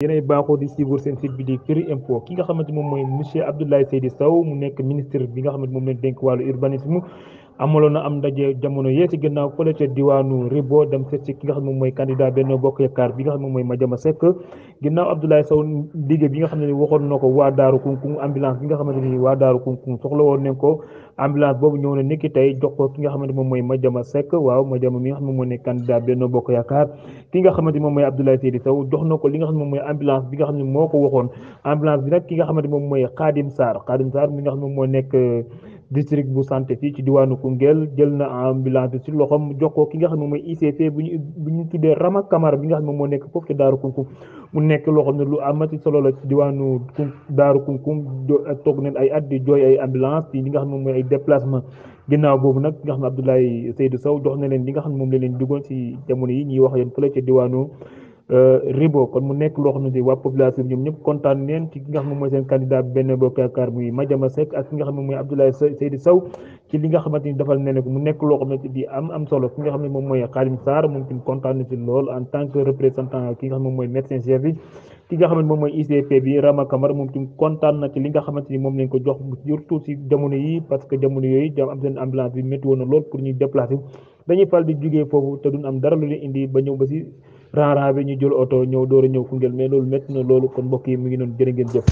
yéenay baaxoo di suivre seen site bi di Firi ki nga xamante moom mooy monsieur Abdoulaye Seydi Sow mu nekk ministre bi nga xamante moom lañ dénk wàllu urbanisme amaloon na am ndaje jamono yee ci gannaaw fële ca diwaanu Ribo dem seet mooy candidat benn bokk yaakaar bi nga xam ne moom mooy Madiama Seck na ko waa Daaru Kunkung ambulance bi nga xamante na niki tey jox ko ki nga waaw Madiama mi nga xam ne moo nekk candidat benn moom mooy Abdoulaye Seydi Sow jox na ko li nga xam ne moom mooy ambulance bi nga xam moo ko waxoon ambulance bi nag ki nga xamante moom mooy Khadim Sarr Khadim Sarr mi nga xam ne moo nekk district bu santé fii ci diwaanu Koungheul jël na ambulance bi si mu jox ko ki nga xam ne mooy ICP bu ñu bu ñu tuddee Rama Kamara bi nga xam ne moo nekk foofu ci Daaru Kunkum mu nekk loo xam lu amati solo la ci diwaanu Daaru Kunkum toog nañ ay at di jooy ay ambulance yi li nga xam moom mooy ay déplacement ginnaaw boobu nag nga xam ne Abdoulaye Seydou Sow jox na leen li nga xam moom la leen duggoon ci jamono yi ñuy wax yéen fële ci diwaanu. Euh, ribo kon mu nekk loo xam ne waa population bi ñoom ñëpp kontaan neen ci ki nga xam ne li nga xamante xam ne di am am moom mooy kontaan na ci li nga xamante ni moom lañ ko jox surtout si jamono yi parce que jamono yooyu da am seen ambulance bi métti woon lool pour ñuy déplacer dañuy fal di jugee foofu te duñ am dara lu leen indi ba ñëw ba si ran ran bi ñu jël oto ñëw door a ku Koungheul mais loolu métti loolu kon mbokk yi mu ngi noonu jërë ngeen jëf